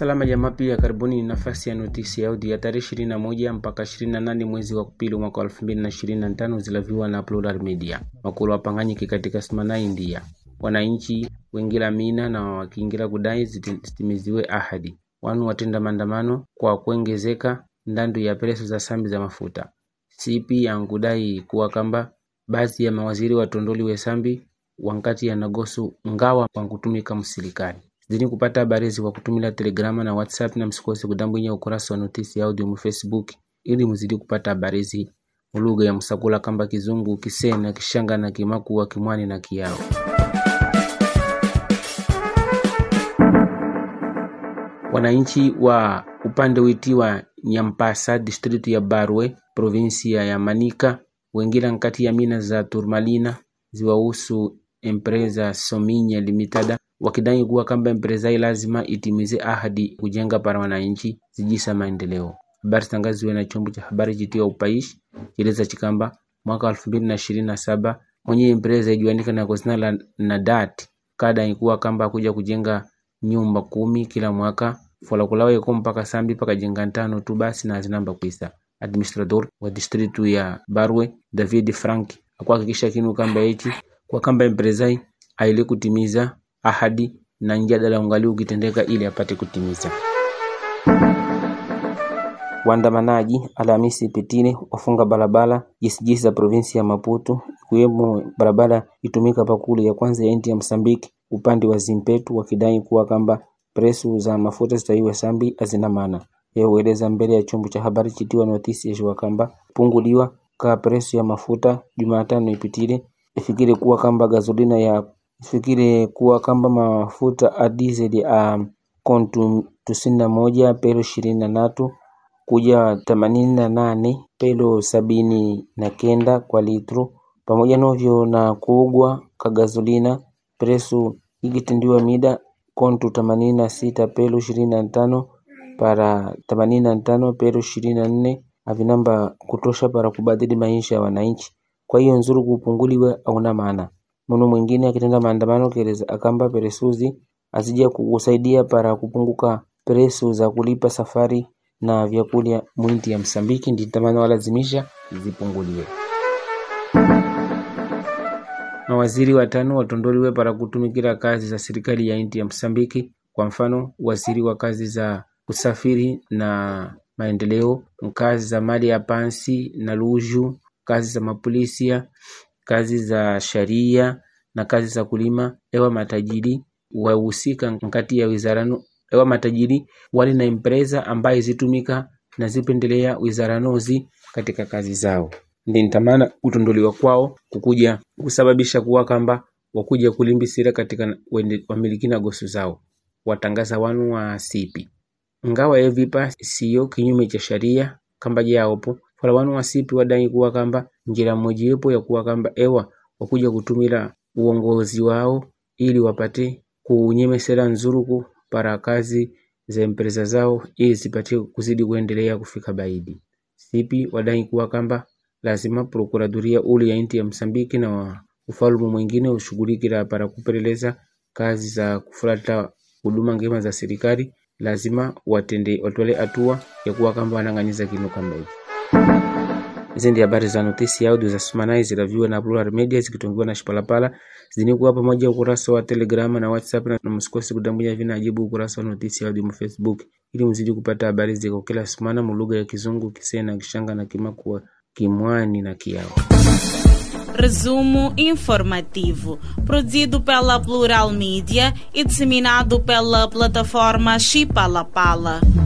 Salama Jamaa pia karibuni nafasi ya notisi ya audio ya tarehe 21 mpaka 28 mwezi wa pili mwaka 2025, zilaviwa na Plural Media. Wakulu wapanganyike katika simana India, wananchi wengila mina na wakiingira kudai zitimiziwe ahadi. Wanu watenda maandamano kwa kuongezeka ndandu ya pereso za sambi za mafuta. CP yangudai kuwa kamba baadhi ya mawaziri watondoliwe sambi wankati ya nagosu ngawa wankutumika msilikani zini kupata habari kwa kutumila Telegrama na WhatsApp na msikose kudambwinya ukurasa wa notisi ya audio mu Facebook ili mzidi kupata habari mulugha ya Msakula kamba Kizungu, Kisena, Kishanga na Kimakuwa, Kimwani na Kiyao. Wananchi wa upande witiwa Nyampasa, distritu ya Barwe, provinsia ya Manika, wengila nkati ya mina za Turmalina ziwahusu empresa Sominya Limitada wakidai kuwa kamba ya upinzani lazima itimize ahadi kujenga para wananchi zijisa maendeleo. Habari zitangaziwe na chombo cha habari chitio upaishi chileza chikamba mwaka 2027 mwenye empresa ijuanika na kosina la Nadat kada ikuwa kamba kuja kujenga nyumba kumi kila mwaka fola kulawa iko mpaka sambi paka jenga ntano tu basi na zinamba kuisa. Administrator wa district ya Barwe David Frank akuhakikisha kinu kamba eti kwa kamba empresai aile kutimiza ahadi na mjadala ungali ukitendeka ili apate kutimiza Waandamanaji Alhamisi Petini wafunga barabara jisijisi za provinsi ya Maputo ikiwemo barabara itumika pakuli ya kwanza ya nchi ya Msambiki upande wa Zimpetu wakidai kuwa kamba presu za mafuta zitaiwe sambi hazina maana. Yeye mbele ya chombo cha habari chitiwa notisi yashiwa kamba punguliwa ka presu ya mafuta Jumatano ipitile ifikiri kuwa kamba gasolina ya Ifikire kuwa kamba mafuta a diesel a kontu um, tisini na moja pelo ishirini na tatu kuja themanini na nane pelo sabini na kenda kwa litru pamoja novyo na kugwa kagazolina presu igitindiwa mida kontu themanini na sita pelo ishirini na tano para themanini na tano pelo ishirini na nne avinamba kutosha para kubadili maisha ya wananchi. Kwa hiyo nzuru kupunguliwe auna maana Muno mwingine akitenda maandamano keleza akamba peresuzi azija kukusaidia para kupunguka presu za kulipa safari na vyakulya mwinti ya Msambiki nditamana walazimisha zipunguliwe mawaziri watano watondoliwe para kutumikira kazi za serikali ya inti ya Msambiki kwa mfano waziri wa kazi za usafiri na maendeleo, kazi za mali ya pansi na luju, kazi za mapolisia kazi za sharia na kazi za kulima ewa matajiri wahusika nkati ya wizarano ewa matajiri wali na impreza ambaye zitumika na zipendelea wizaranozi katika kazi zao ndi nitamana utondolewa kwao kukuja kusababisha kuwa kamba wakuja kulimbisira katika wamiliki na gosu zao watangaza wanu wa sipi ngawa evipa siyo kinyume cha sharia kamba jaopo fala wanu wasipi wadai kuwa kamba njira mojiwepo ya kuwa kamba ewa wakuja kutumila uongozi wao ili wapate kuunyemesera nzuruku kazi za empresa zao ili zipate kuzidi kuendelea kufika baidi. Sipi wadai kuwa kamba lazima prokuraduria uli ya inti ya Msambiki na wa ufalumu mwingine ushughulikira para kupeleleza kazi za kufulata huduma ngema za serikali lazima watende watwale hatua ya kuwa kamba wanang'aniza kinu kamba hivi zindi habari za Notisi Audio za Harmonize Raviwa na Plural Media zikitungiwa na Shipalapala zini kuwa pamoja ukurasa wa Telegram na WhatsApp, na msikose kudambunya vina ajibu ukurasa wa Notisi Audio mu Facebook ili mzidi kupata habari ziko kila sumana mu lugha ya Kizungu, Kisena, Kishanga na Kimakua, Kimwani na Kiao. Resumo informativo, produzido pela Plural Media e disseminado pela plataforma Chipalapala.